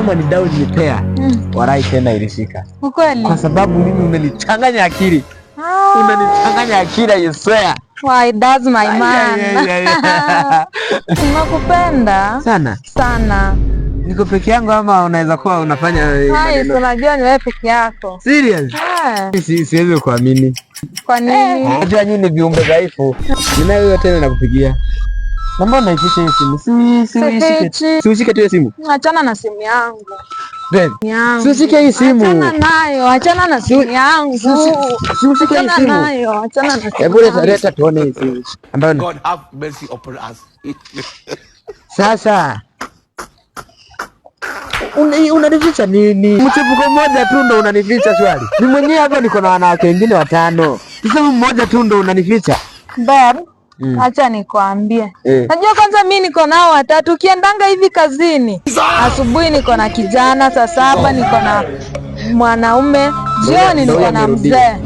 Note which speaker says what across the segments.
Speaker 1: kama ni dawa repair, mm. Warai tena ilishika ukweli, kwa sababu mimi umenichanganya akili ah. Unanichanganya akili yeswea
Speaker 2: Why, my man. Nakupenda sana sana.
Speaker 1: Niko peke yangu ama unaweza kuwa unafanya
Speaker 2: unajua ni wewe peke yako.
Speaker 1: Serious? Siwezi kuamini. Kwa nini? Unajua nyinyi ni viumbe dhaifu. Ninayo tena nakupigia Mbona naificha hiyo simu? Si
Speaker 2: si ushike.
Speaker 1: Si ushike tu hiyo simu.
Speaker 2: Achana na simu yangu.
Speaker 1: Ben. Si ushike hii simu. Achana
Speaker 2: nayo, achana na simu yangu. Si
Speaker 1: ushike hii simu. Achana
Speaker 2: nayo, achana na simu.
Speaker 1: Hebu leta leta tuone hii simu. Ambayo God have mercy upon us. Sasa unanificha nini? Mchepuko mmoja tu ndo unanificha swali. Ni mwenyewe hapa niko na wanawake wengine watano. Sasa mmoja tu ndo unanificha.
Speaker 2: Baba mm. Acha nikwambie eh. Najua kwanza mi niko nao watatu, ukiendanga hivi kazini asubuhi niko na kijana, saa saba niko na mwanaume, jioni niko na mzee.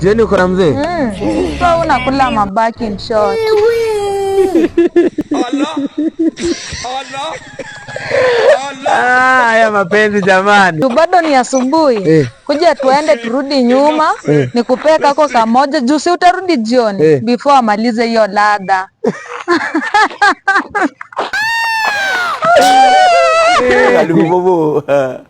Speaker 1: Jioni uko na mzee
Speaker 2: mm. So unakula mabaki in short
Speaker 1: ah mapenzi jamani,
Speaker 2: bado ni asubuhi eh. Kuja tuende turudi nyuma eh. Nikupee kako kamoja juu si utarudi jioni eh. Before amalize hiyo ladha